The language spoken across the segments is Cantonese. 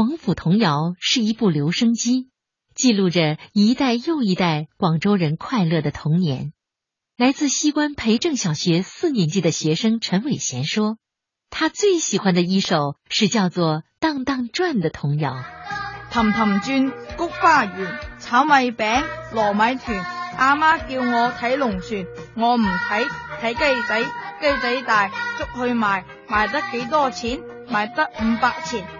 廣府童謠是一部留聲機，記錄着一代又一代廣州人快樂的童年。來自西關培正小學四年級的學生陳偉賢說，他最喜歡的一首是叫做《蕩蕩轉》的童謠。氹氹轉，菊花園，炒米餅，糯米團，阿媽叫我睇龍船，我唔睇，睇雞仔，雞仔大，捉去賣，賣得幾多錢？賣得五百錢。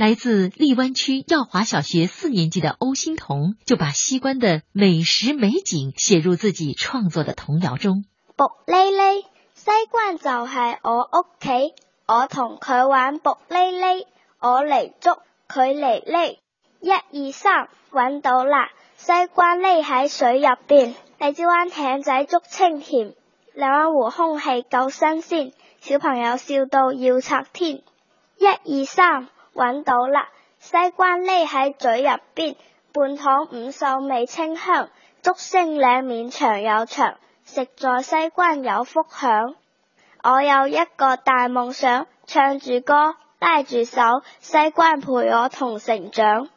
來自荔灣區耀華小學四年級的歐星彤就把西關的美食美景寫入自己創作的童謠中。卜哩哩，西關就係我屋企，我同佢玩卜哩哩，我嚟捉蕾蕾，佢嚟哩，一二三，搵到啦！西關匿喺水入邊，荔枝灣艇仔捉清甜。荔灣湖空氣夠新鮮，小朋友笑到要拆天。一二三。搵到啦！西關匿喺嘴入邊，泮塘五秀味清香，竹升兩麵長又長，食在西關有福享。我有一個大夢想，唱住歌，拉住手，西關陪我同成長。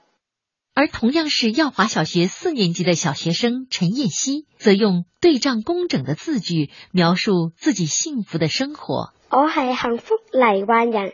而同樣是耀華小學四年級的小學生陳燕熙，則用對仗工整的字句描述自己幸福的生活。我係幸福荔灣人。